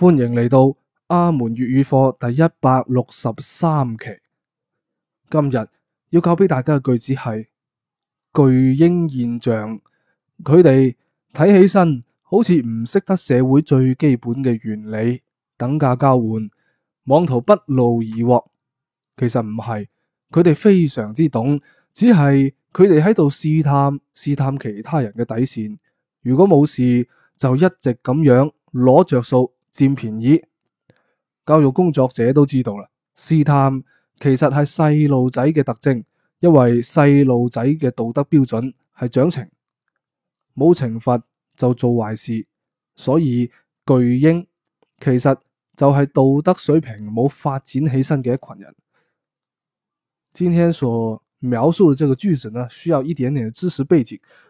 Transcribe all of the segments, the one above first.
歡迎嚟到阿門粵語課第一百六十三期。今日要教俾大家嘅句子係巨嬰現象。佢哋睇起身好似唔識得社會最基本嘅原理，等價交換，妄圖不勞而獲。其實唔係，佢哋非常之懂，只係佢哋喺度試探試探其他人嘅底線。如果冇事，就一直咁樣攞着數。佔便宜，教育工作者都知道啦。試探其實係細路仔嘅特徵，因為細路仔嘅道德標準係獎懲，冇懲罰就做壞事，所以巨嬰其實就係道德水平冇發展起身嘅一群人。今天所描述嘅這個句子呢，需要一點點知識背景。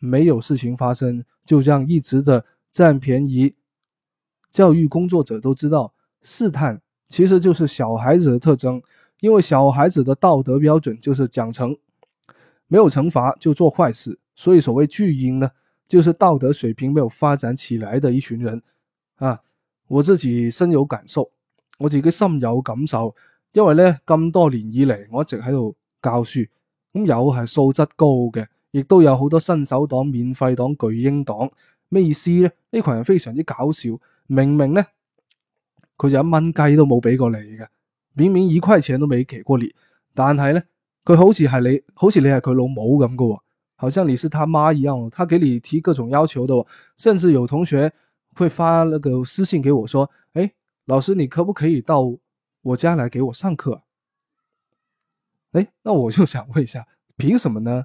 沒有事情發生，就這樣一直的佔便宜，教育工作者都知道，試探其實就是小孩子的特徵，因為小孩子的道德標準就是獎懲，沒有懲罰就做壞事，所以所謂巨嬰呢，就是道德水平沒有發展起來的一群人啊。我自己深有感受，我自己深有感受，因為呢，咁多年以嚟，我一直喺度教書，咁有係素質高嘅。亦都有好多新手黨、免費黨、黨、巨嬰黨，咩意思呢？呢群人非常之搞笑，明明呢，佢就一蚊雞都冇俾過你嘅，明明一塊錢都未給過你。但係呢，佢好似係你，好似你係佢老母咁嘅，好像你是他媽一、哦、一樣，他給你提各種要求的、哦，甚至有同學會發那個私信給我，說：誒、哎，老師你可不可以到我家來給我上課？誒、哎，那我就想問一下，憑什麼呢？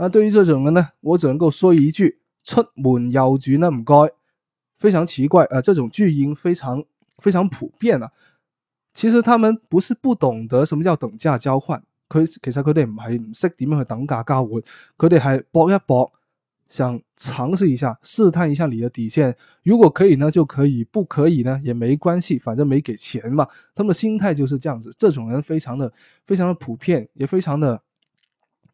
那對於這種人呢，我只能夠說一句：出門右轉，唔該。非常奇怪啊，呃，這種巨嬰非常非常普遍啊。其實他們不是不懂得什麼叫等價交換，佢其實佢哋唔係唔識點樣去等價交換，佢哋係搏一搏，想嘗試一下，試探一下你的底線。如果可以呢，就可以；不可以呢，也沒關係，反正沒給錢嘛。他們心態就是這樣子。這種人非常的非常的普遍，也非常的。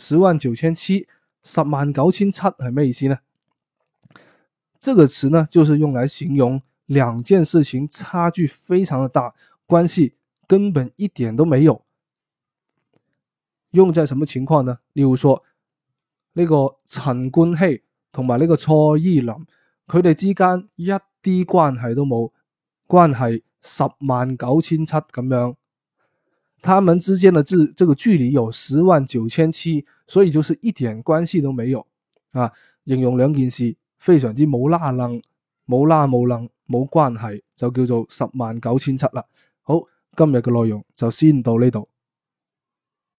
十萬九千七，十萬九千七，係咩意思呢？這個詞呢，就是用來形容兩件事情差距非常的大，關係根本一點都沒有。用在什麼情況呢？例如說，呢、這個陳冠希同埋呢個蔡依林，佢哋之間一啲關係都冇，關係十萬九千七咁樣，他們之間的這個距離有十萬九千七。所以就是一點關係都沒有，啊，形容兩件事非常之冇拉楞、冇拉冇楞、冇關係，就叫做十萬九千七啦。好，今日嘅內容就先到呢度。